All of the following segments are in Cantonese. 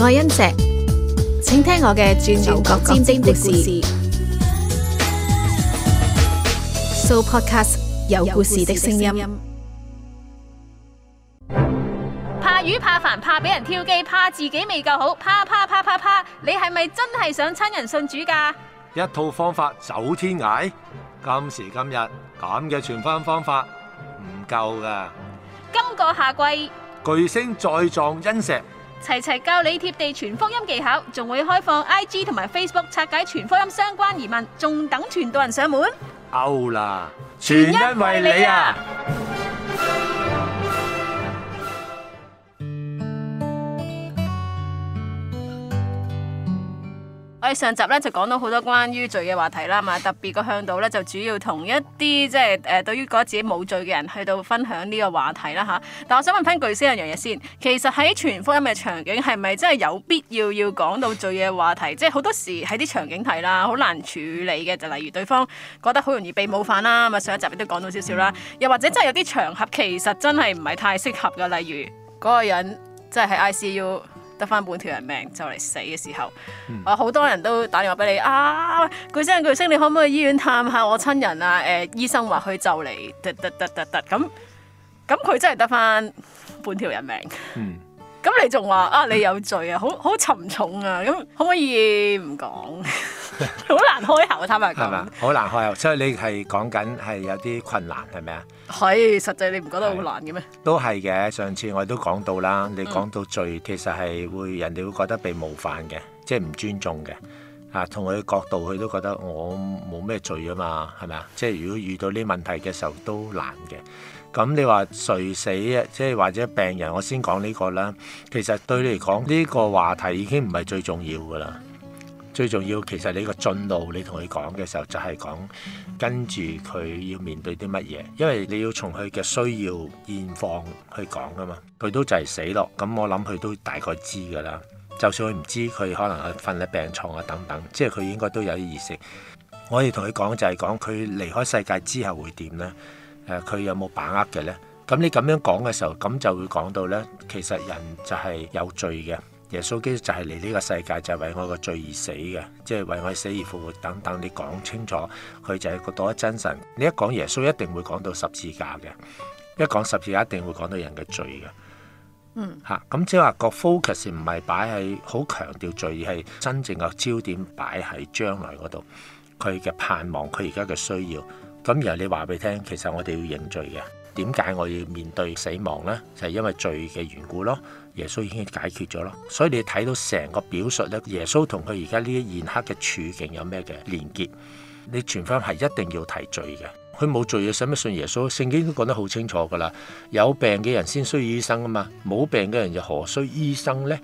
愛恩石，請聽我嘅鑽牛角尖丁的故事。So podcast 有故事的聲音。怕魚怕煩怕俾人挑機，怕自己未夠好，怕怕怕怕怕，你係咪真係想親人信主噶？一套方法走天涯，今時今日咁嘅傳翻方法唔夠噶。夠今個夏季，巨星再撞恩石。齊齊教你貼地傳福音技巧，仲會開放 IG 同埋 Facebook 拆解傳福音相關疑問，仲等傳道人上門。Out 啦，全因為你啊！ 我哋上集咧就講到好多關於罪嘅話題啦，嘛，特別個向導咧就主要同一啲即係誒，對於覺得自己冇罪嘅人去到分享呢個話題啦吓。但我想問翻句先一樣嘢先，其實喺傳福音嘅場景係咪真係有必要要講到罪嘅話題？即係好多時喺啲場景睇啦，好難處理嘅，就例如對方覺得好容易被冒犯啦，咁啊上一集亦都講到少少啦。又或者真係有啲場合其實真係唔係太適合噶，例如嗰個人即係喺 ICU。得翻半條人命就嚟死嘅時候，我好、嗯、多人都打電話俾你啊！巨星巨星，你可唔可以去醫院探下我親人啊？誒、呃，醫生話佢就嚟得得得得得、咁咁，佢真係得翻半條人命。咁、嗯、 你仲話啊？你有罪啊？好好沉重啊！咁可唔可以唔講？ 好 難開口，坦白講，係嘛？好難開口，所以你係講緊係有啲困難，係咪啊？係，實際你唔覺得好難嘅咩？都係嘅，上次我都講到啦，你講到罪，嗯、其實係會人哋會覺得被冒犯嘅，即係唔尊重嘅啊。同佢角度，佢都覺得我冇咩罪啊嘛，係咪啊？即係如果遇到呢問題嘅時候都難嘅。咁你話垂死，即係或者病人，我先講呢個啦。其實對你嚟講，呢、呢個話題已經唔係最重要噶啦。最重要，其實你個進路，你同佢講嘅時候就係、是、講跟住佢要面對啲乜嘢，因為你要從佢嘅需要現況去講㗎嘛。佢都就係死落，咁我諗佢都大概知㗎啦。就算佢唔知，佢可能係瞓喺病床啊等等，即係佢應該都有啲意識。我哋同佢講就係講佢離開世界之後會點呢？誒、啊，佢有冇把握嘅呢？咁你咁樣講嘅時候，咁就會講到呢，其實人就係有罪嘅。耶穌基督就係嚟呢個世界，就係為我個罪而死嘅，即係為我死而復活等等，你講清楚，佢就係個獨一真神。你一講耶穌，一定會講到十字架嘅，一講十字架，一定會講到人嘅罪嘅。嗯，吓，咁即係話個 focus 唔係擺喺好強調罪，而係真正嘅焦點擺喺將來嗰度，佢嘅盼望，佢而家嘅需要。咁然後你話俾你聽，其實我哋要認罪嘅，點解我要面對死亡呢？就係因為罪嘅緣故咯。耶穌已經解決咗咯，所以你睇到成個表述咧，耶穌同佢而家呢一現刻嘅處境有咩嘅連結？你傳翻係一定要提罪嘅，佢冇罪啊，使乜信耶穌？聖經都講得好清楚㗎喇，有病嘅人先需要醫生啊嘛，冇病嘅人又何需醫生呢？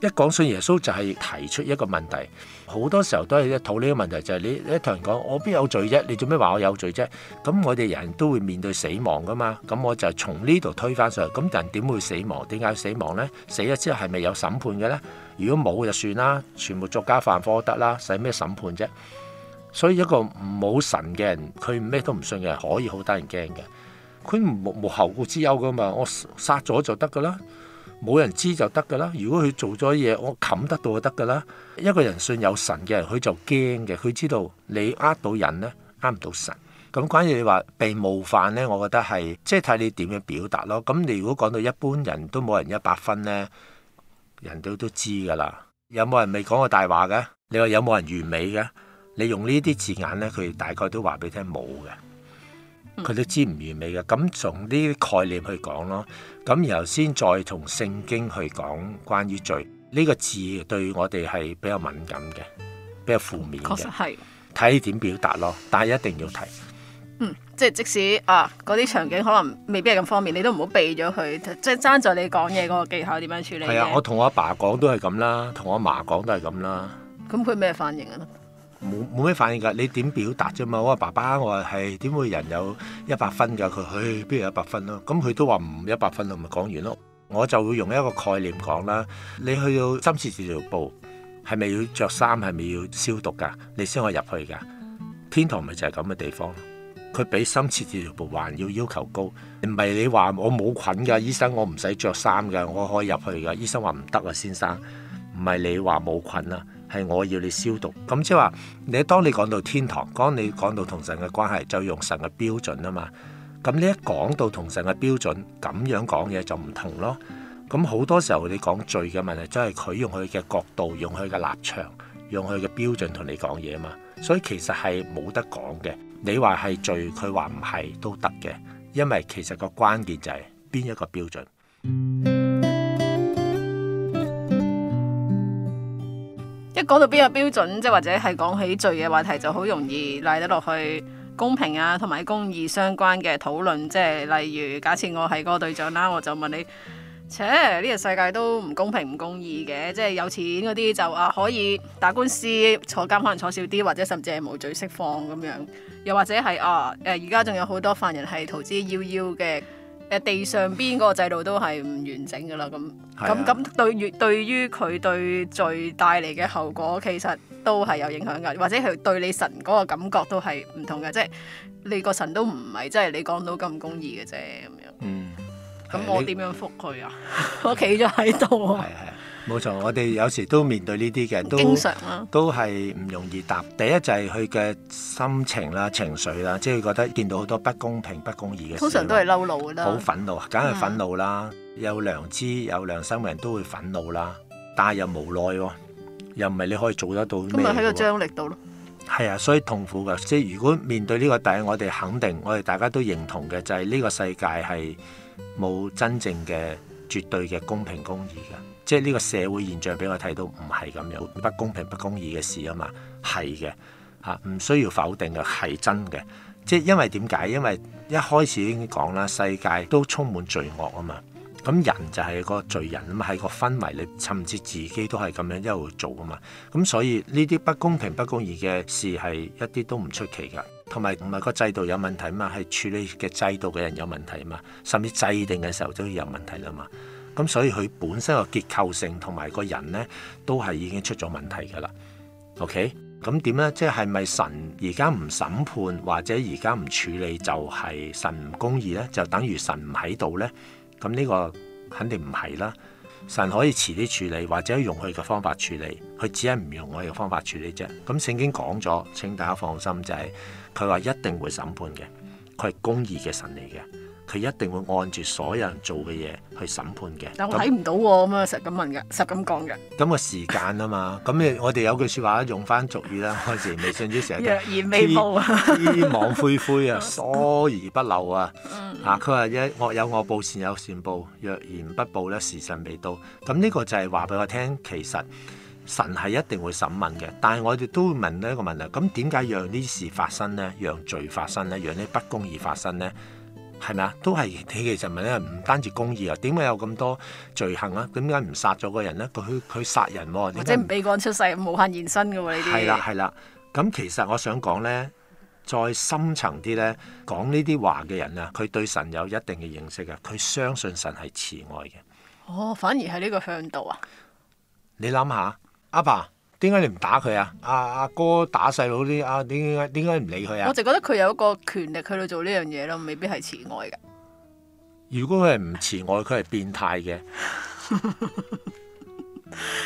一講信耶穌就係、是、提出一個問題，好多時候都係討論呢個問題，就係、是、你你同人講我邊有罪啫？你做咩話我有罪啫？咁我哋人都會面對死亡噶嘛？咁我就從呢度推翻上去，咁人點會死亡？點解死亡呢？死咗之後係咪有審判嘅呢？如果冇就算啦，全部作奸犯科得啦，使咩審判啫？所以一個冇神嘅人，佢咩都唔信嘅，可以好得人驚嘅，佢無無後顧之憂噶嘛？我殺咗就得噶啦。冇人知就得噶啦。如果佢做咗嘢，我冚得到就得噶啦。一個人信有神嘅人，佢就驚嘅。佢知道你呃到人呢，呃唔到神。咁關於你話被冒犯呢，我覺得係即係睇你點樣表達咯。咁你如果講到一般人都冇人一百分呢，人都都知噶啦。有冇人未講過大話嘅？你話有冇人完美嘅？你用呢啲字眼呢，佢大概都話俾你聽冇嘅。佢都知唔完美嘅，咁從呢啲概念去講咯，咁然後先再從聖經去講，關於罪呢個字對我哋係比較敏感嘅、比較負面嘅。確實係睇點表達咯，但係一定要提。嗯，即係即，即使啊嗰啲場景可能未必係咁方便，你都唔好避咗佢，即係爭在你講嘢嗰個技巧點樣處理。係啊，我同我阿爸講都係咁啦，同我阿媽講都係咁啦。咁佢咩反應啊？冇冇咩反應㗎？你點表達啫嘛？我話爸爸，我話係點會人有一百分㗎？佢去邊有一百分咯？咁佢都話唔一百分啦，咪講完咯。我就會用一個概念講啦。你去到深切治療部，係咪要着衫？係咪要消毒㗎？你先可以入去㗎。天堂咪就係咁嘅地方。佢比深切治療部還要要求高。唔係你話我冇菌㗎，醫生我唔使着衫㗎，我可以入去㗎。醫生話唔得啊，先生。唔係你話冇菌呀。係我要你消毒，咁即係話你當你講到天堂，當你講到同神嘅關係，就用神嘅標準啊嘛。咁你一講到同神嘅標準，咁樣講嘢就唔同咯。咁好多時候你講罪嘅問題，即係佢用佢嘅角度，用佢嘅立場，用佢嘅標準同你講嘢啊嘛。所以其實係冇得講嘅，你話係罪，佢話唔係都得嘅，因為其實個關鍵就係邊一個標準。一講到邊個標準，即或者係講起罪嘅話題，就好容易賴得落去公平啊，同埋公義相關嘅討論，即係例如，假設我係嗰個隊長啦，我就問你，切，呢個世界都唔公平、唔公義嘅，即係有錢嗰啲就啊可以打官司坐監，可能坐少啲，或者甚至係無罪釋放咁樣，又或者係啊誒，而家仲有好多犯人係逃之夭夭嘅。誒地上邊嗰個制度都係唔完整㗎啦，咁咁咁對於對於佢對，對罪帶嚟嘅後果，其實都係有影響㗎，或者係對你神嗰個感覺都係唔同㗎，即係你個神都唔係即係你講到咁公義嘅啫咁樣。咁我點樣覆佢啊？我企咗喺度啊。 冇錯，我哋有時都面對呢啲嘅，都常、啊、都係唔容易答。第一就係佢嘅心情啦、啊、情緒啦、啊，即係佢覺得見到好多不公平、不公義嘅事，通常都係嬲怒啦，好憤怒，梗係憤怒啦。嗯、有良知、有良心嘅人都會憤怒啦，但係又無奈喎、啊，又唔係你可以做得到、啊。咁咪喺個張力度咯，係啊，所以痛苦嘅。即係如果面對呢個第一我哋肯定，我哋大家都認同嘅，就係、是、呢個世界係冇真正嘅絕對嘅公平公義嘅。即係呢個社會現象俾我睇到唔係咁樣，不公平、不公義嘅事啊嘛，係嘅嚇，唔需要否定嘅，係真嘅。即係因為點解？因為一開始已經講啦，世界都充滿罪惡啊嘛，咁人就係個罪人啊嘛，喺個氛圍裏，甚至自己都係咁樣一路做啊嘛，咁所以呢啲不公平、不公義嘅事係一啲都唔出奇㗎。同埋唔係個制度有問題啊嘛，係處理嘅制度嘅人有問題啊嘛，甚至制定嘅時候都有問題啦嘛。咁所以佢本身個結構性同埋個人呢，都係已經出咗問題噶啦。OK，咁點呢？即係係咪神而家唔審判或者而家唔處理就係神唔公義呢？就等於神唔喺度呢？咁呢個肯定唔係啦。神可以遲啲處理或者用佢嘅方法處理，佢只係唔用我嘅方法處理啫。咁聖經講咗，請大家放心就係，佢話一定會審判嘅，佢係公義嘅神嚟嘅。佢一定會按住所有人做嘅嘢去審判嘅。但我睇唔到喎，咁樣實咁問㗎，實咁講㗎。咁個時間啊嘛，咁 我哋有句説話用翻俗語啦，嗰陣微信啲成日講。若而未報 灰灰而啊，天網恢恢啊，疏而不漏啊。嚇！佢話一惡有惡報，善有善報，若然不報咧，時辰未到。咁呢個就係話俾我聽，其實神係一定會審問嘅。但係我哋都會問一個問題，咁點解讓呢事發生咧？讓罪發生咧？讓呢不公義發生咧？係咪啊？都係你其實問啊，唔單止公義啊，點解有咁多罪行啊？點解唔殺咗個人咧？佢佢殺人喎，或者唔俾出世無限延伸嘅喎呢啲。係啦係啦，咁其實我想講咧，再深層啲咧，講呢啲話嘅人啊，佢對神有一定嘅認識啊，佢相信神係慈愛嘅。哦，反而係呢個向度啊！你諗下，阿爸，爸。點解你唔打佢啊？阿阿哥打細佬啲阿點解，點解唔理佢啊？我就覺得佢有一個權力去到做呢樣嘢咯，未必係慈愛噶。如果佢係唔慈愛，佢係變態嘅。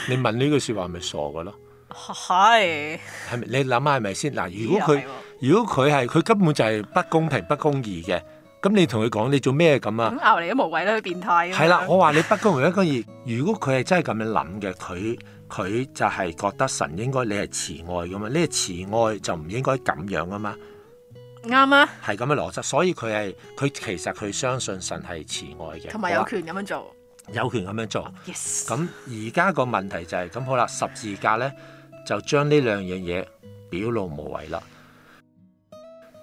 你問呢句說話係咪傻噶咯？係，係咪？你諗下係咪先？嗱，如果佢如果佢係佢根本就係不公平，不公義嘅，咁你同佢講，你做咩咁啊？咁拗你都冇謂啦，佢變態。係啦， 我話你不公一公義。如果佢係真係咁樣諗嘅，佢。佢就係覺得神應該你係慈愛噶嘛？你係慈愛就唔應該咁樣啊嘛？啱啊嗎，係咁嘅邏輯。所以佢係佢其實佢相信神係慈愛嘅，同埋有權咁樣做，吧有權咁樣做。Yes，咁而家個問題就係、是、咁好啦，十字架呢，就將呢兩樣嘢表露無遺啦。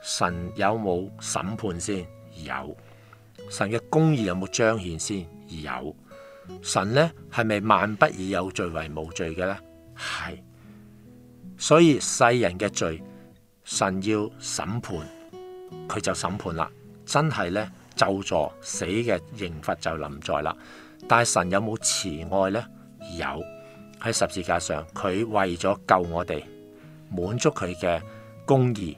神有冇審判先？有。神嘅公義有冇彰顯先？有。神咧係咪萬不以有罪為無罪嘅呢？係，所以世人嘅罪，神要審判，佢就審判啦。真係咧，咒詛死嘅刑罰就臨在啦。但係神有冇慈愛呢？有，喺十字架上，佢為咗救我哋，滿足佢嘅公義，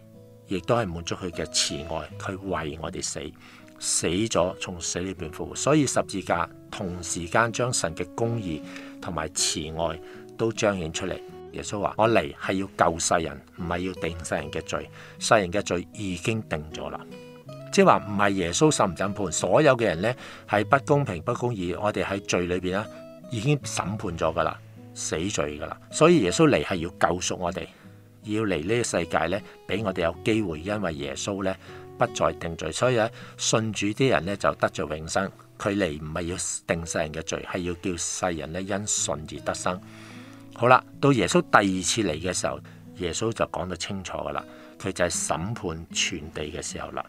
亦都係滿足佢嘅慈愛。佢為我哋死，死咗從死裏邊復活。所以十字架。同時間將神嘅公義同埋慈愛都彰顯出嚟。耶穌話：我嚟係要救世人，唔係要定世人嘅罪。世人嘅罪已經定咗啦，即係話唔係耶穌審唔審判所有嘅人呢係不公平、不公義。我哋喺罪裏邊呢已經審判咗噶啦，死罪噶啦。所以耶穌嚟係要救贖我哋，要嚟呢個世界呢俾我哋有機會，因為耶穌呢不再定罪，所以咧信主啲人呢就得着永生。佢嚟唔係要定世人嘅罪，係要叫世人咧因信而得生。好啦，到耶穌第二次嚟嘅時候，耶穌就講到清楚噶啦，佢就係審判全地嘅時候啦。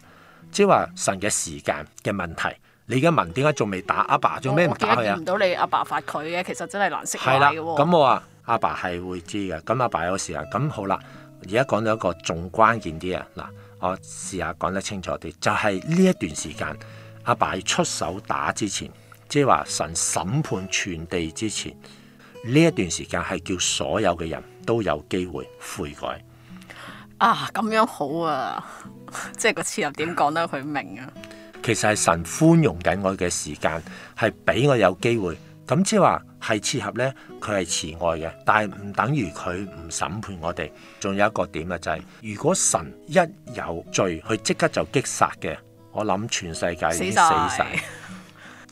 即係話神嘅時間嘅問題，你嘅文問點解仲未打阿爸，爸，做咩唔打佢啊？唔到你阿爸罰佢嘅，其實真係難釋懷嘅。係啦，咁我話阿爸係會知嘅。咁阿爸，爸有事啊。咁好啦，而家講咗一個仲關鍵啲啊，嗱，我試下講得清楚啲，就係、是、呢一段時間。阿爸喺出手打之前，即係話神審判全地之前，呢一段時間係叫所有嘅人都有機會悔改。啊，咁樣好啊！即係個契合點講得佢明啊。其實係神寬容緊我嘅時間，係俾我有機會。咁即係話係契合呢，佢係慈愛嘅，但係唔等於佢唔審判我哋。仲有一個點啊，就係、是，如果神一有罪，佢即刻就擊殺嘅。我諗全世界已經死晒，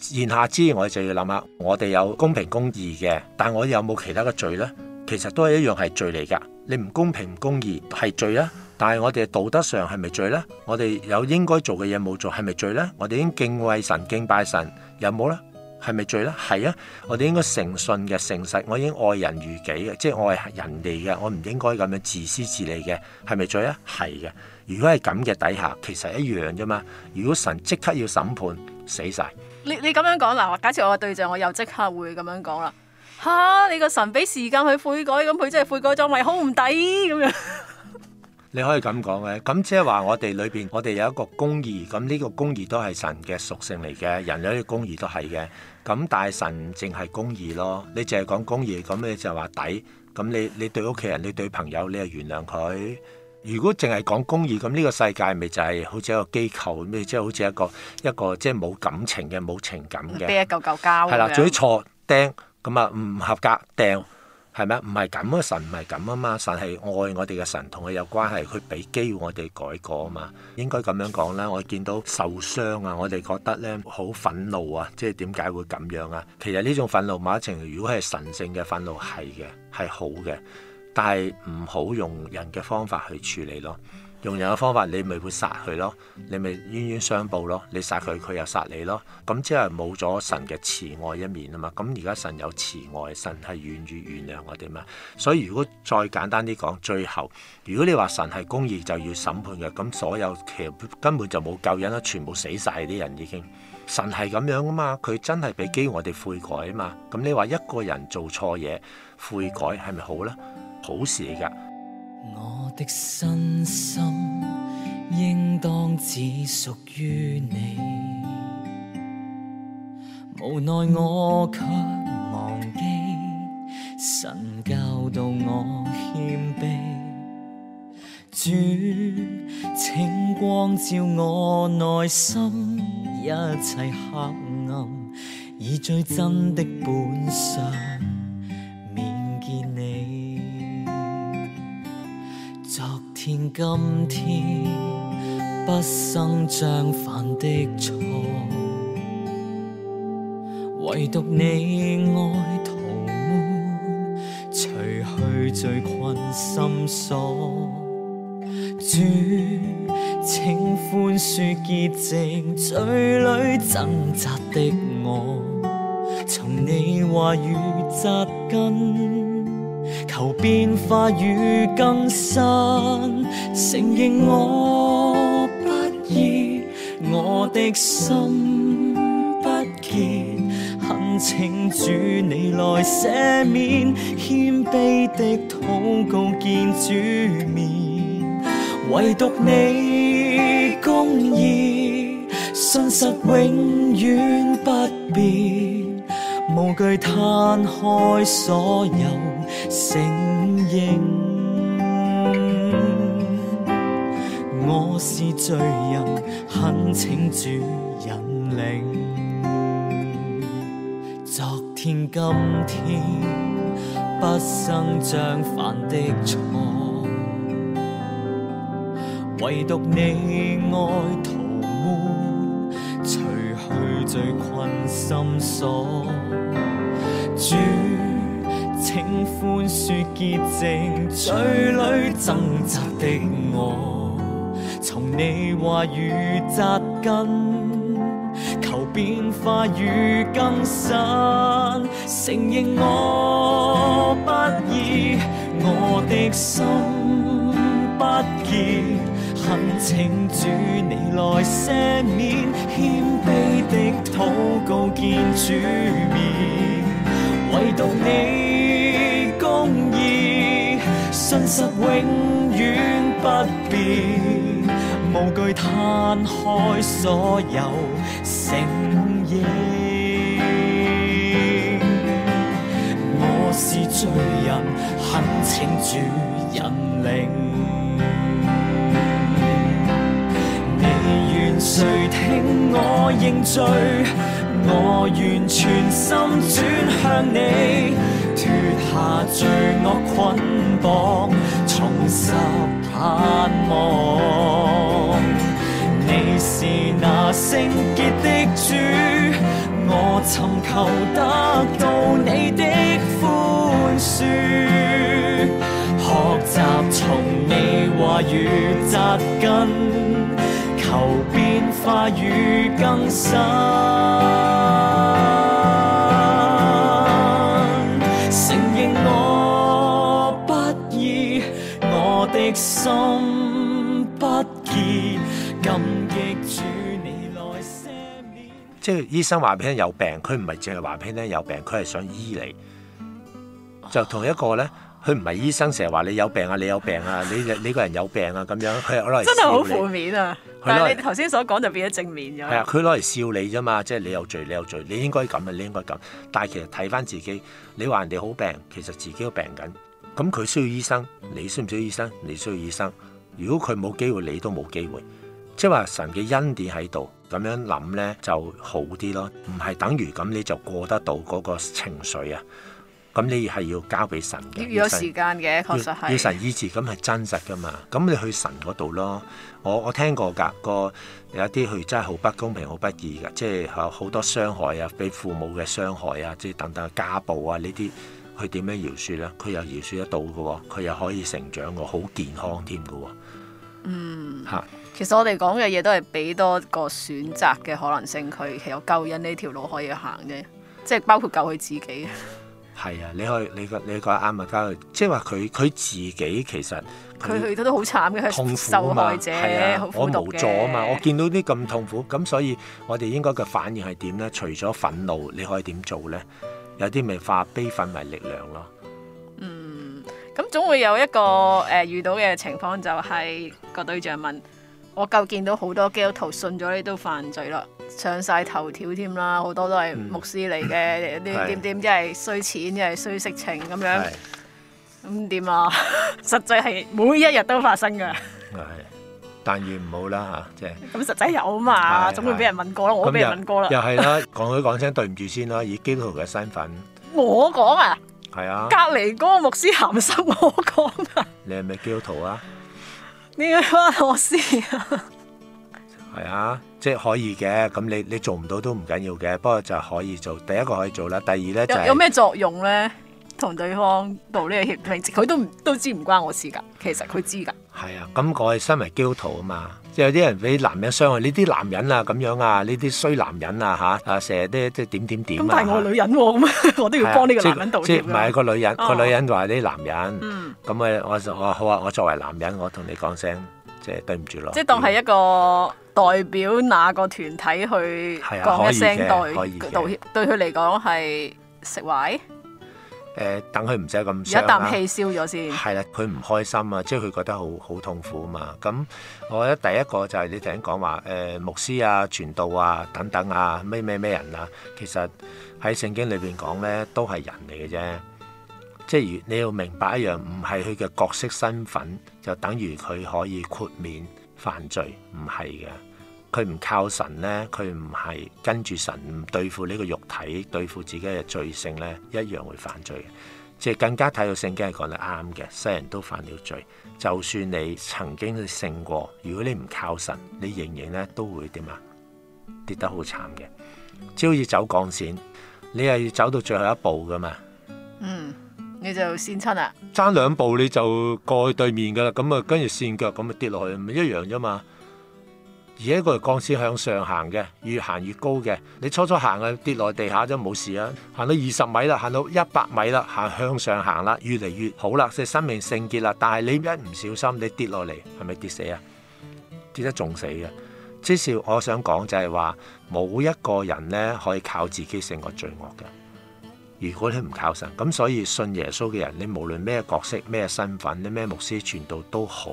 言下之意，我就要諗下：我哋有公平公義嘅，但我哋有冇其他嘅罪呢？其實都係一樣係罪嚟噶。你唔公平公義係罪啦，但係我哋道德上係咪罪呢？我哋有應該做嘅嘢冇做係咪罪呢？我哋應敬畏神敬拜神有冇呢？係咪罪呢？係啊，我哋應該誠信嘅誠實，我已經愛人如己嘅，即係愛人哋嘅，我唔應該咁樣自私自利嘅，係咪罪啊？係嘅。如果係咁嘅底下，其實一樣啫嘛。如果神即刻要審判，死晒，你你咁樣講嗱，假設我個對象，我又即刻會咁樣講啦。吓，你個神俾時間去悔改，咁佢真係悔改咗，咪好唔抵咁樣？ 你可以咁講嘅。咁即係話我哋裏邊，我哋有一個公義。咁呢個公義都係神嘅屬性嚟嘅，人類嘅公義都係嘅。咁但係神淨係公義咯。你淨係講公義，咁你就話抵。咁你你對屋企人，你對朋友，你就原諒佢。如果淨係講公義咁，呢個世界咪就係好似一個機構，咩即係好似一個一個即係冇感情嘅、冇情感嘅，俾一嚿嚿膠。係啦，做啲錯掟咁啊，唔合格掟係咪啊？唔係咁啊，神唔係咁啊嘛，神係愛我哋嘅神，同佢有關係，佢俾機會我哋改過啊嘛。應該咁樣講啦。我見到受傷啊，我哋覺得咧好憤怒啊，即係點解會咁樣啊？其實呢種憤怒某程度如果係神聖嘅憤怒係嘅係好嘅。但係唔好用人嘅方法去處理咯，用人嘅方法你咪會殺佢咯，你咪冤冤相報咯，你殺佢佢又殺你咯，咁即係冇咗神嘅慈愛一面啊嘛。咁而家神有慈愛，神係願意原諒我哋嘛。所以如果再簡單啲講，最後如果你話神係公義就要審判嘅，咁所有其實根本就冇救人啦，全部死晒啲人已經。神係咁樣噶嘛，佢真係俾機會我哋悔改啊嘛。咁你話一個人做錯嘢悔改係咪好呢？好事嚟噶。我的身心應當只屬於你。無奈我卻忘記神教導我謙卑。主，請光照我內心，一切黑暗，以最真的本相。今天不生將犯的錯，唯獨你愛塗抹，除去罪困心鎖。主，請寬恕潔淨罪裏掙扎的我，從你話語紮根。求變化與更新，承認我不義，我的心不潔，懇請主你來赦免，謙卑的禱告見主面，唯獨你公義，信實永遠不變，無懼攤開所有。靜影，我是罪人，懇請主引領。昨天今天，不生將犯的錯，唯獨你愛塗抹，除去罪困心鎖。主。.請寬恕潔淨醉裏掙扎的我，從你話語紮根，求變化與更新。承認我，我不義，我的心不潔，懇請主你來赦免，謙卑的禱告見主面，唯獨你。真實永遠不變，無懼攤開所有誠意。我是罪人，懇請主引領。你願誰聽我認罪？我願全心轉向你。下罪惡捆綁，重拾盼望。你是那聖潔的主，我尋求得到你的寬恕。學習從你話語紮根，求變化與更新。即係醫生話俾你有病，佢唔係淨係話俾你有病，佢係想醫你。就同一個咧，佢唔係醫生成日話你有病啊，你有病啊，你你個人有病啊咁樣，佢攞嚟真係好負面啊！但係你頭先所講就變咗正面咗。係啊，佢攞嚟笑你咋嘛？即係你有罪，你有罪，你應該咁啊，你應該咁。但係其實睇返自己，你話人哋好病，其實自己都病緊。咁佢需要醫生，你需唔需要醫生？你需要醫生。如果佢冇機會，你都冇機會。即係話神嘅恩典喺度，咁樣諗呢就好啲咯。唔係等於咁你就過得到嗰個情緒啊。咁你係要交俾神嘅。要有時間嘅，確實係。要神醫治咁係真實噶嘛？咁你去神嗰度咯。我我聽過噶個，有一啲佢真係好不公平、好不義噶，即係有好多傷害啊，俾父母嘅傷害啊，即係等等家暴啊呢啲。佢點樣饒恕咧？佢又饒恕得到嘅、哦，佢又可以成長嘅，好健康添嘅、哦。嗯，吓是，其實我哋講嘅嘢都係俾多個選擇嘅可能性，佢有救恩呢條路可以行嘅，即係包括救佢自己。係啊，你去你個你講啱啊，嘉、就是，即係話佢佢自己其實佢去得都好慘嘅，受害者痛苦啊嘛，係啊，我無助啊嘛，我見到啲咁痛苦，咁所以我哋應該嘅反應係點咧？除咗憤怒，你可以點做咧？有啲咪化悲憤為力量咯，嗯，咁總會有一個誒、呃、遇到嘅情況就係、是、個對象問，我夠見到好多基督徒信咗你都犯罪啦，上晒頭條添啦，好多都係牧師嚟嘅，點點點即係衰錢，即、就、係、是、衰色情咁樣，咁點啊？ 實際係每一日都發生噶。但願唔好啦吓，即係。咁實在有嘛，的總會俾人問過啦，的我俾人問過啦。又係啦，講佢講聲對唔住先啦，以基督徒嘅身份。我講啊。係啊的。隔離嗰個牧師鹹濕，我講啊。你係咪基督徒啊？你要翻我試啊？係啊，即係可以嘅。咁你你做唔到都唔緊要嘅，不過就可以做。第一個可以做啦，第二咧就係有咩作用咧？同對方道呢個歉，佢都唔都知唔關我嘅事噶。其實佢知噶。係啊，咁我係身為基督徒啊嘛，即係有啲人俾男人傷害，呢啲男人啊咁樣啊，呢啲衰男人啊吓，啊，成日都即係點點點。咁但係我女人喎，啊，咁、啊、 我都要幫呢個男人道歉，啊。即唔係個女人，個、哦、女人就話啲男人。嗯。咁啊，我我好啊，我作為男人，我同你講聲，即、就、係、是、對唔住咯。即當係一個代表哪個團體去講，啊、一聲道歉，對佢嚟講係食壞。誒等佢唔使咁，一啖氣燒咗先。係啦，佢唔開心啊，即係佢覺得好好痛苦啊嘛。咁我覺得第一個就係你頭先講話誒牧師啊、傳道啊等等啊，咩咩咩人啊，其實喺聖經裏邊講咧都係人嚟嘅啫。即係你要明白一樣，唔係佢嘅角色身份就等於佢可以豁免犯罪，唔係嘅。佢唔靠神咧，佢唔係跟住神，唔對付呢個肉體，對付自己嘅罪性咧，一樣會犯罪嘅。即係更加睇到聖經係講得啱嘅，世人都犯了罪。就算你曾經勝過，如果你唔靠神，你仍然咧都會點啊，跌得好慘嘅。只好似走鋼線，你係走到最後一步噶嘛。嗯，你就跣親啦。爭兩步你就過去對面噶啦，咁啊跟住跣腳咁啊跌落去，咪一樣啫嘛。而一個條鋼絲向上行嘅，越行越高嘅。你初初行啊跌落地下都冇事啊，行到二十米啦，行到一百米啦，行向上行啦，越嚟越好啦，即係生命聖潔啦。但係你一唔小心，你跌落嚟係咪跌死啊？跌得仲死嘅。至少我想講就係話，冇一個人呢可以靠自己勝過罪惡嘅。如果你唔靠神，咁所以信耶穌嘅人，你無論咩角色、咩身份、你咩牧師、傳道都好，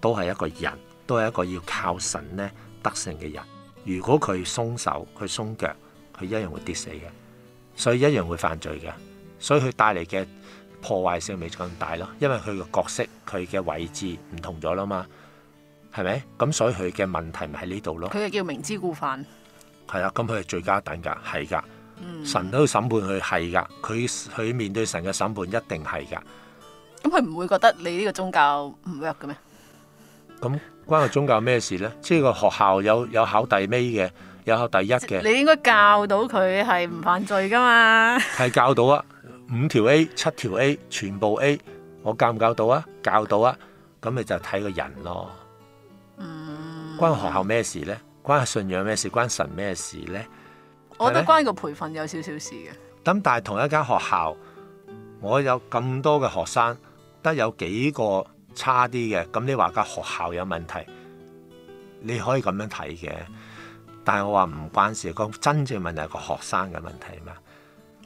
都係一個人。都係一個要靠神咧得勝嘅人。如果佢鬆手，佢鬆腳，佢一樣會跌死嘅，所以一樣會犯罪嘅。所以佢帶嚟嘅破壞性咪就更大咯。因為佢個角色、佢嘅位置唔同咗啦嘛，係咪？咁所以佢嘅問題咪喺呢度咯。佢係叫明知故犯，係啊。咁佢係罪加等噶，係噶。嗯、神都審判佢係噶，佢佢面對神嘅審判一定係噶。咁佢唔會覺得你呢個宗教唔 work 嘅咩？咁關個宗教咩事呢？即係個學校有有考第尾嘅，有考第一嘅。一你應該教到佢係唔犯罪噶嘛？係 教到啊，五條 A，七條 A，全部 A，我教唔教到啊？教到啊，咁咪就睇個人咯。嗯，關學校咩事呢？關信仰咩事？關神咩事呢？我覺得關個培訓有少少事嘅。咁嗎但係同一間學校，我有咁多嘅學生，得有幾個？差啲嘅，咁你話個學校有問題，你可以咁樣睇嘅。但係我話唔關事，講真正問題係個學生嘅問題嘛。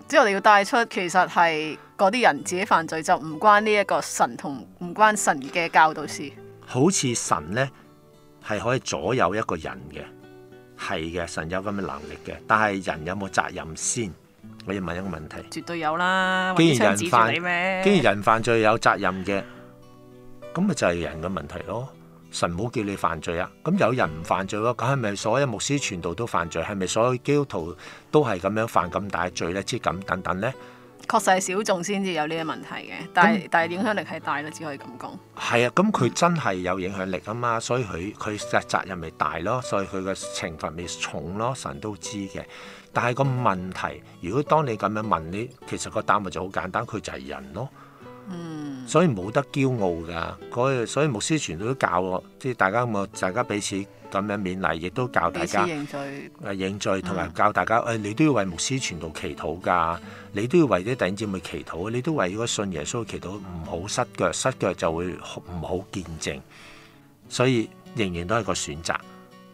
即係我哋要帶出，其實係嗰啲人自己犯罪，就唔關呢一個神同唔關神嘅教導事。好似神呢係可以左右一個人嘅，係嘅，神有咁嘅能力嘅。但係人有冇責任先？我要問一個問題。絕對有啦，既然人犯，既然人犯罪有責任嘅。咁咪就係人嘅問題咯。神冇叫你犯罪啊。咁有人唔犯罪咯、啊，咁係咪所有牧師傳道都犯罪？係咪所有基督徒都係咁樣犯咁大罪咧？即係咁等等咧？確實係小眾先至有呢啲問題嘅，但係但係影響力係大咯，只可以咁講。係啊，咁佢真係有影響力啊嘛，所以佢佢嘅責任咪大咯，所以佢嘅懲罰咪重咯。神都知嘅，但係個問題，如果當你咁樣問呢，其實個答案就好簡單，佢就係人咯。嗯，所以冇得驕傲噶，所以牧師傳道都教我，即係大家我大家彼此咁樣勉勵，亦都教大家認罪、啊，認罪，同埋教大家誒、哎，你都要為牧師傳道祈禱噶，嗯、你都要為啲弟兄去祈禱，你都為嗰信耶穌祈禱，唔好失腳，失腳就會唔好見證。所以仍然都係個選擇，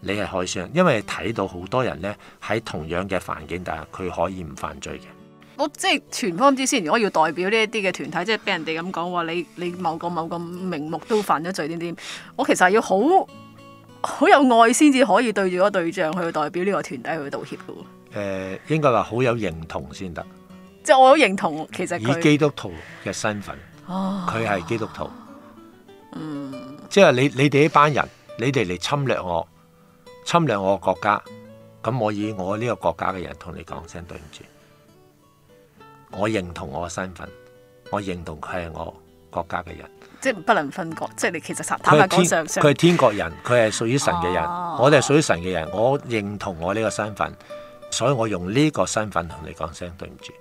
你係開心，因為睇到好多人呢喺同樣嘅環境底下，佢可以唔犯罪嘅。我即係全方之先，如果要代表呢一啲嘅團體，即係俾人哋咁講話，你你某個某個名目都犯咗罪點點，我其實係要好好有愛先至可以對住個對象去代表呢個團體去道歉噶喎。誒、呃，應該話好有認同先得，即係我有認同。其實以基督徒嘅身份，佢係基督徒，啊、嗯，即係你你哋呢班人，你哋嚟侵略我，侵略我國家，咁我以我呢個國家嘅人同你講聲對唔住。我認同我嘅身份，我認同佢係我國家嘅人，即係不能分割。即係你其實，坦白講佢係天國人，佢係屬於神嘅人，啊、我哋係屬於神嘅人，我認同我呢個身份，所以我用呢個身份同你講聲對唔住。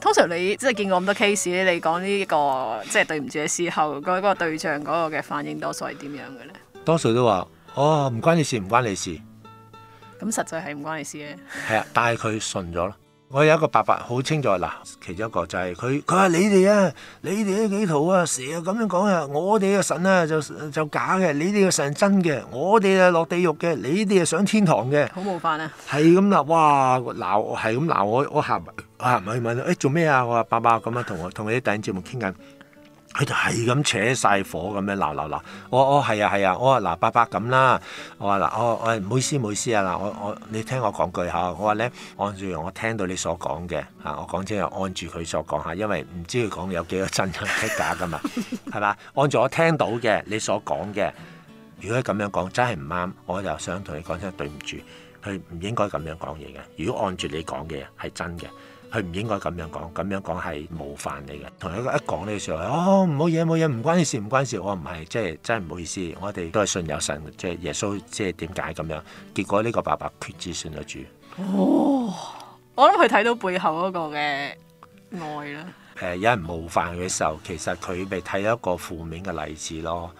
通常你即係見過咁多 case，你講呢一個即係對唔住嘅時候，嗰、嗰個對象嗰個嘅反應多數係點樣嘅咧？多數都話哦，唔關你事，唔關你事。咁實際係唔關你事嘅。係 啊，但係佢順咗咯。我有一個伯伯好清楚，嗱，其中一個就係佢，佢話你哋啊，你哋呢幾套啊，成日咁樣講啊，啊、哎、啊，我哋嘅神啊就就假嘅，你哋嘅神真嘅，我哋啊落地獄嘅，你哋啊上天堂嘅，好冇法啊，係咁啦，哇，鬧係咁鬧我我下下咪問，誒做咩啊？我話伯伯咁樣同我同你啲弟兄姊妹傾緊。佢就係咁扯晒火咁樣鬧鬧鬧，我我係、哦、啊係啊，我話嗱伯伯咁啦，我話嗱我唔好意思，唔好意思啊嗱，我我你聽我講句嚇，我話咧按住我聽到你所講嘅嚇，我講即係按住佢所講嚇，因為唔知佢講有幾多真係假噶嘛，係嘛？ 按住我聽到嘅你所講嘅，如果咁樣講真係唔啱，我就想同你講真係對唔住，佢唔應該咁樣講嘢嘅。如果按住你講嘅係真嘅。佢唔應該咁樣講，咁樣講係冒犯你嘅。同一個一講呢個時候，哦，唔好嘢，冇嘢，唔關事，唔關事。關係關係關係我唔係即係真係唔好意思，我哋都係信有神，即係耶穌，即係點解咁樣？結果呢個爸爸決志信咗主。哦，我諗佢睇到背後嗰個嘅愛啦。誒、呃，有人冒犯佢嘅時候，其實佢咪睇到一個負面嘅例子咯，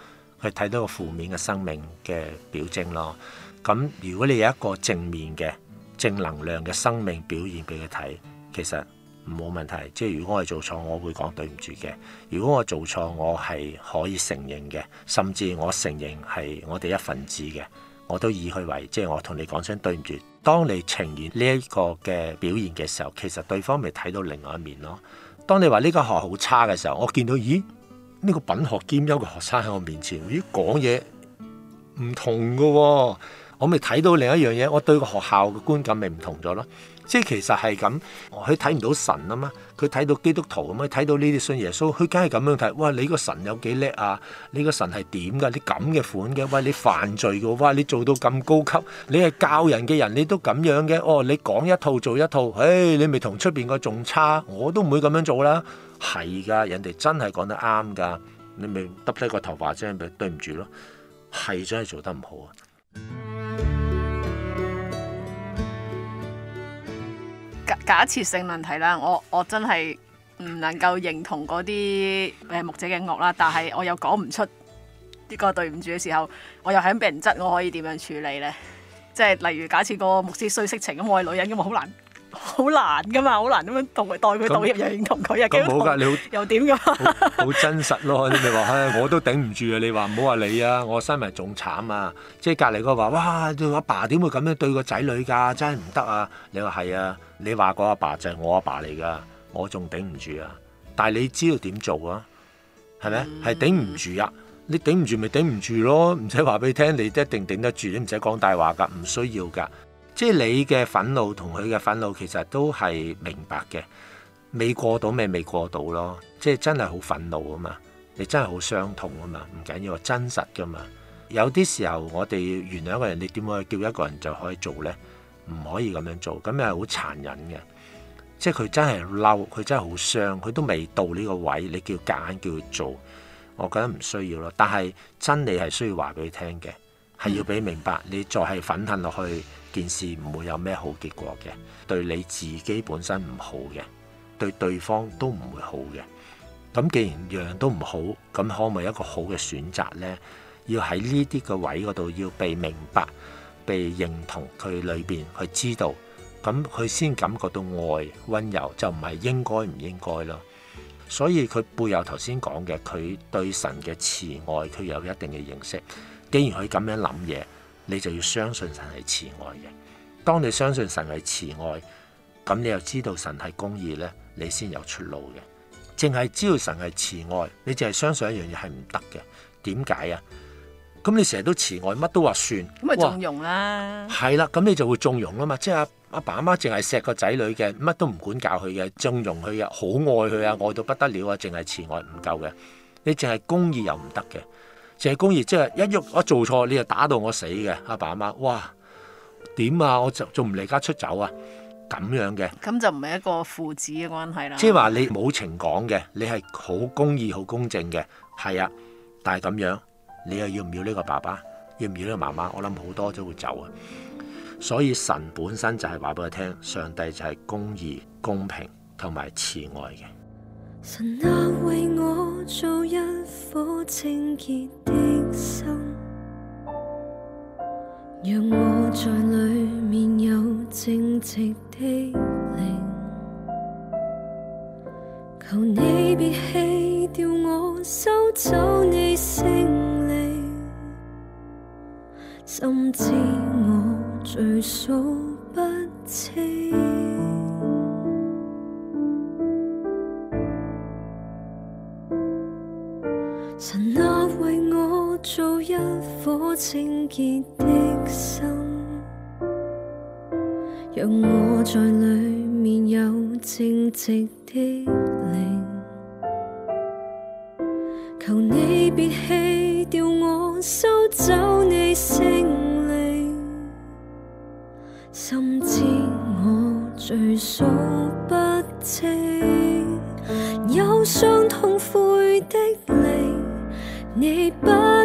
佢睇到個負面嘅生命嘅表徵咯。咁如果你有一個正面嘅正能量嘅生命表現俾佢睇。其實冇問題，即係如果我係做錯，我會講對唔住嘅。如果我做錯，我係可以承認嘅，甚至我承認係我哋一份子嘅，我都以佢為，即係我同你講聲對唔住。當你呈現呢一個嘅表現嘅時候，其實對方咪睇到另外一面咯。當你話呢個學校好差嘅時候，我見到咦，呢個品學兼優嘅學生喺我面前，咦，講嘢唔同㗎，我咪睇到另一樣嘢，我對個學校嘅觀感咪唔同咗咯。即係其實係咁，佢睇唔到神啊嘛，佢睇到基督徒咁，佢睇到呢啲信耶穌，佢梗係咁樣睇。哇！你個神有幾叻啊？你個神係點㗎？你咁嘅款嘅，哇！你犯罪嘅，哇！你做到咁高級，你係教人嘅人，你都咁樣嘅。哦，你講一套做一套，唉，你咪同出面個仲差，我都唔會咁樣做啦。係噶，人哋真係講得啱噶，你咪耷低個頭話聲咪對唔住咯。係真係做得唔好啊！假設性問題啦，我我真係唔能夠認同嗰啲誒牧者嘅惡啦，但係我又講唔出呢個對唔住嘅時候，我又係咁俾人質，我可以點樣處理咧？即係例如假設個牧師衰色情咁，我係女人咁，好難好難噶嘛，好難咁樣同佢，代佢代入又認同佢啊，又點噶好 ？好真實咯！你話，唉、哎，我都頂唔住啊！你話唔好話你啊，我身埋仲慘啊！即係隔籬個話，哇，阿爸點會咁樣對個仔女噶？真係唔得啊！你話係啊？你話個阿爸就係我阿爸嚟噶，我仲頂唔住啊！但係你知道點做啊？係咪？係頂唔住呀？你頂唔住咪頂唔住咯，唔使話俾你聽，你一定頂得住，你唔使講大話噶，唔需要噶。即係你嘅憤怒同佢嘅憤怒其實都係明白嘅，未過到咪未過到咯。即係真係好憤怒啊嘛，你真係好傷痛啊嘛，唔緊要，真實噶嘛。有啲時候我哋原諒一個人，你點可以叫一個人就可以做呢？唔可以咁樣做，咁又係好殘忍嘅，即係佢真係嬲，佢真係好傷，佢都未到呢個位，你叫夾硬，硬叫佢做，我覺得唔需要咯。但係真理係需要話俾佢聽嘅，係要俾明白，你再係粉褪落去，件事唔會有咩好結果嘅，對你自己本身唔好嘅，對，對對方都唔會好嘅。咁既然樣都唔好，咁可唔可以一個好嘅選擇呢？要喺呢啲嘅位嗰度要被明白。被認同佢裏邊去知道，咁佢先感覺到愛溫柔，就唔係應該唔應該咯。所以佢背後頭先講嘅，佢對神嘅慈愛，佢有一定嘅認識。既然佢咁樣諗嘢，你就要相信神係慈愛嘅。當你相信神係慈愛，咁你又知道神係公義呢，你先有出路嘅。淨係知道神係慈愛，你淨係相信一樣嘢係唔得嘅。點解啊？咁你成日都慈愛，乜都話算，咁咪縱容啦？係啦，咁你就會縱容啊嘛。即係阿阿爸阿媽淨係錫個仔女嘅，乜都唔管教佢嘅，縱容佢啊，好愛佢啊，愛到不得了啊，淨係慈愛唔夠嘅，你淨係公義又唔得嘅，淨係公義即係、就是、一喐我一做錯，你就打到我死嘅。阿爸阿媽，哇，點啊？我就仲唔離家出走啊？咁樣嘅，咁就唔係一個父子嘅關係啦。即係話你冇情講嘅，你係好公義、好公正嘅，係啊，但係咁樣。你又要唔要呢個爸爸？要唔要呢個媽媽？我諗好多都會走啊。所以神本身就係話俾佢聽，上帝就係公義、公平同埋慈愛嘅。神啊，為我造一顆清潔的心，讓我在裡面有正直的靈，求你別棄掉我，收走你聖深知我罪數不清，神啊，為我造一顆清潔的心，讓我在裡面有正直的靈。求你別棄掉我，收走你聖靈，心知我罪數不清，憂傷痛悔的靈，你不。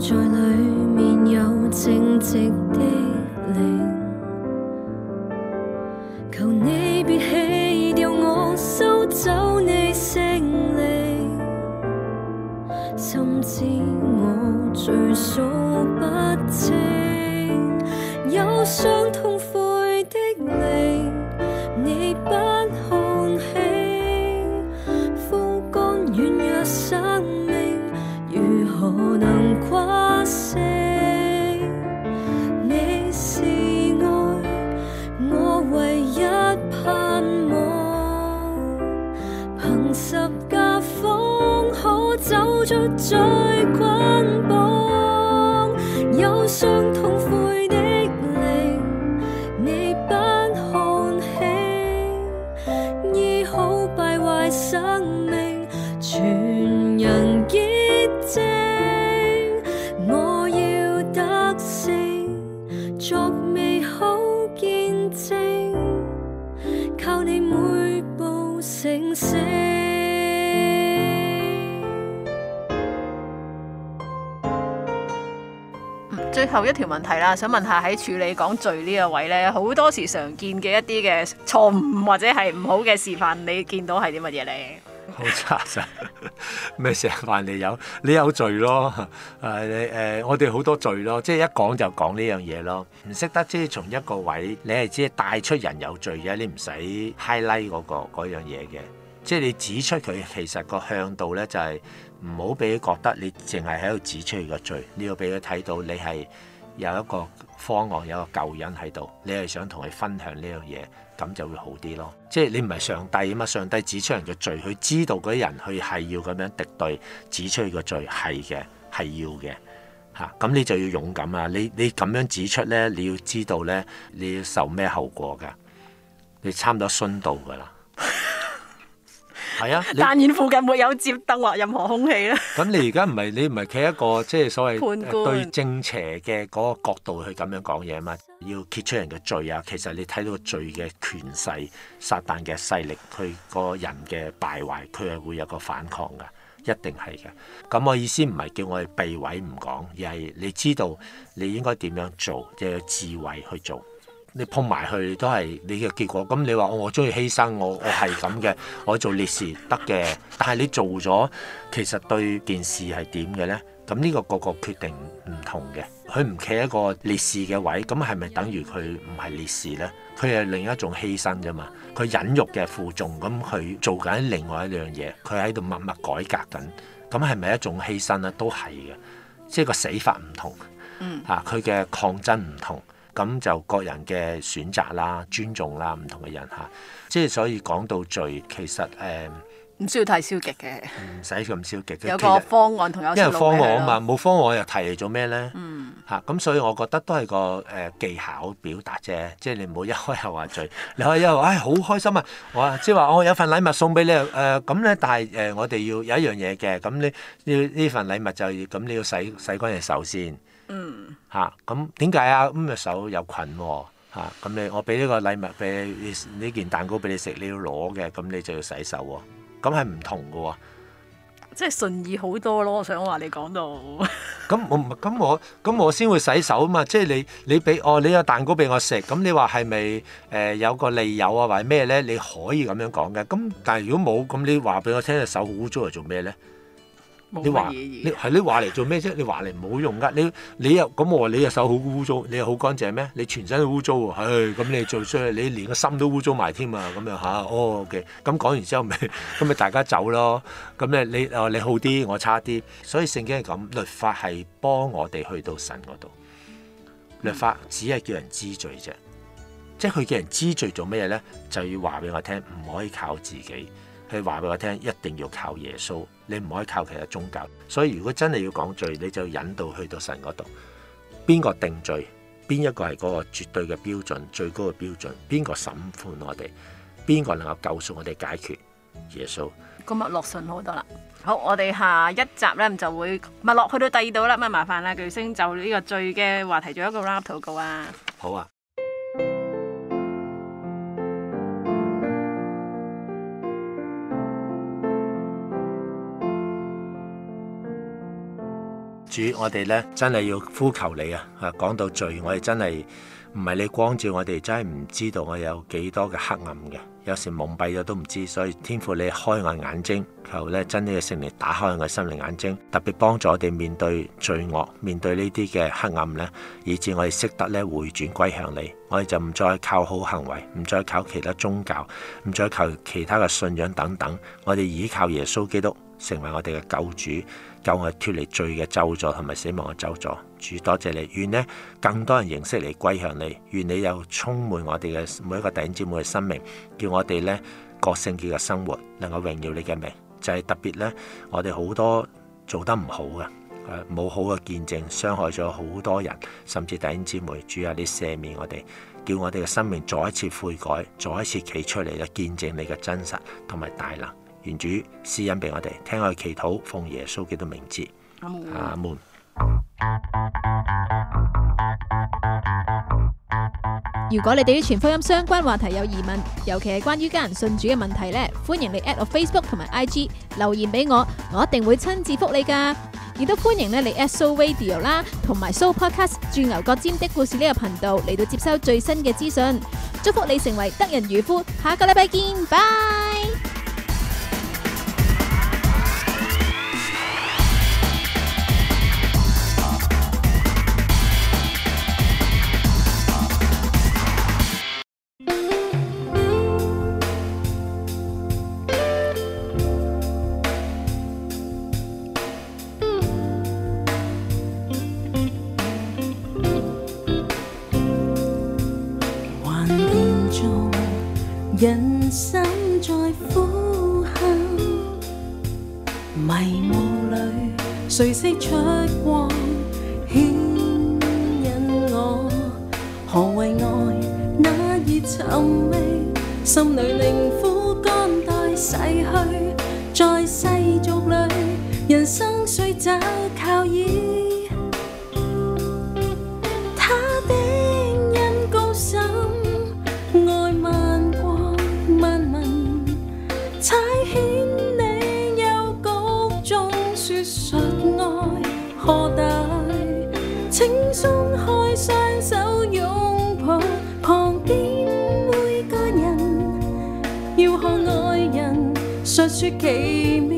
在裏面有正直的靈魂。 最後一條問題啦，想問下喺處理講罪呢個位咧，好多時常見嘅一啲嘅錯誤或者係唔好嘅示範，你見到係啲乜嘢咧？好差， 咩示範？你有，你有罪咯，誒、哎、誒、呃，我哋好多罪咯，即係一講就講呢樣嘢咯，唔識得即係從一個位，你係只係帶出人有罪嘅，你唔使 highlight 嗰、那個嗰樣嘢嘅，即係你指出佢其實個向度咧就係、是。唔好俾佢覺得你淨係喺度指出佢個罪，你要俾佢睇到你係有一個方案，有個救恩喺度，你係想同佢分享呢樣嘢，咁就會好啲咯。即係你唔係上帝吖嘛？上帝指出人嘅罪，佢知道嗰啲人佢係要咁樣敵對指出佢個罪，係嘅，係要嘅嚇。咁、啊、你就要勇敢啦。你你咁樣指出咧，你要知道咧，你要受咩後果噶？你差唔多殉道噶啦。 係啊，但然附近會有接燈或任何空氣啦。咁 你而家唔係你唔係企一個即係、就是、所謂判官對正邪嘅嗰個角度去咁樣講嘢嘛？要揭出人嘅罪啊！其實你睇到個罪嘅權勢、撒旦嘅勢力，佢個人嘅敗壞，佢係會有個反抗㗎，一定係㗎。咁我意思唔係叫我哋避位唔講，而係你知道你應該點樣做，即有智慧去做。你碰埋去都係你嘅結果。咁你話、哦、我中意犧牲，我我係咁嘅，我做烈士得嘅。但係你做咗，其實對件事係點嘅咧？咁呢個個個決定唔同嘅。佢唔企一個烈士嘅位，咁係咪等於佢唔係烈士咧？佢係另一種犧牲啫嘛。佢忍辱嘅負重咁去做緊另外一樣嘢，佢喺度默默改革緊。咁係咪一種犧牲咧？都係嘅，即係個死法唔同。嗯。佢嘅、啊、抗爭唔同。咁就各人嘅選擇啦，尊重啦，唔同嘅人嚇，即係所以講到罪，其實誒，唔、嗯、需要太消極嘅，唔使咁消極。有個方案同有因為方案啊嘛，冇方案又提嚟做咩咧？嚇、嗯，咁、啊、所以我覺得都係個誒技巧表達啫，即、就、係、是、你唔好一開口話罪，你一開口話唉好開心啊，我即係話我有份禮物送俾你誒咁咧，但係誒、呃、我哋要有一樣嘢嘅，咁你呢呢份禮物就要咁你要洗洗乾淨手先。嗯，啊哦啊啊、嗯，吓，咁點解啊？咁隻手有菌喎，嚇，咁你我俾呢個禮物俾你，呢件蛋糕俾你食，你要攞嘅，咁、嗯、你就要洗手喎、哦。咁係唔同嘅喎，即係順意好多咯。我想話你講到，咁、嗯嗯嗯嗯嗯、我唔係咁我咁我先會洗手嘛。即係你你俾哦你有蛋糕俾我食，咁、嗯、你話係咪誒有個利友啊或者咩咧？你可以咁樣講嘅。咁、嗯、但係如果冇咁，你話俾我聽隻手污糟嚟做咩咧？你話你係你話嚟做咩啫？你話嚟唔好用噶，你你又咁我話你隻手好污糟，你又好乾淨咩？你全身都污糟喎，咁、哎、你最衰，你連個心都污糟埋添啊，咁樣吓哦嘅。咁、okay、講完之後咪，咁 咪大家走咯。咁咧你你好啲，我差啲。所以聖經係咁，律法係幫我哋去到神嗰度。律法只係叫人知罪啫，即係佢叫人知罪做咩嘢咧？就要話俾我聽，唔可以靠自己。去話俾我聽，一定要靠耶穌，你唔可以靠其他宗教。所以如果真係要講罪，你就引導去到神嗰度。邊個定罪？邊一個係嗰個絕對嘅標準，最高嘅標準？邊個審判我哋？邊個能夠救贖我哋解決？耶穌咁啊，落順好多啦。好，我哋下一集呢就會，咪落去到第二度啦。咪麻煩啦，巨星就呢個罪嘅話題做一個 wrap up 嘅話，好啊。主，我哋咧真係要呼求你啊！啊，講到罪，我哋真係唔係你光照我哋，真係唔知道我有幾多嘅黑暗嘅，有時蒙蔽咗都唔知，所以天父你開眼眼睛，求咧真理嘅聖靈打開我心靈眼睛，特別幫助我哋面對罪惡，面對呢啲嘅黑暗呢，以至我哋識得咧回轉歸向你，我哋就唔再靠好行為，唔再靠其他宗教，唔再求其他嘅信仰等等，我哋倚靠耶穌基督成為我哋嘅救主。救我脫離罪嘅咒詛，同埋死亡嘅咒詛。主多謝你，願呢更多人認識你，歸向你，願你又充滿我哋嘅每一個弟兄姊妹嘅生命，叫我哋呢過聖潔嘅生活，能夠榮耀你嘅名。就係特別呢，我哋好多做得唔好嘅，冇好嘅見證，傷害咗好多人，甚至弟兄姊妹，主啊，你赦免我哋，叫我哋嘅生命再一次悔改，再一次企出嚟嘅見證你嘅真實同埋大能。主私隱俾我哋聽我去祈禱奉耶穌基督名字阿門。阿門。如果你對於全福音相關話題有疑問，尤其係關於家人信主嘅問題咧，歡迎你 at 我 Facebook 同埋 IG 留言俾我，我一定會親自覆你噶。亦都歡迎咧嚟 at Soul Radio 啦，同埋 Soul Podcast《轉 pod 牛角尖的故事》呢個頻道嚟到接收最新嘅資訊。祝福你成為得人漁夫，下個禮拜見，拜。博愛何大？請鬆開雙手擁抱，旁邊每個人要看愛人述說奇妙。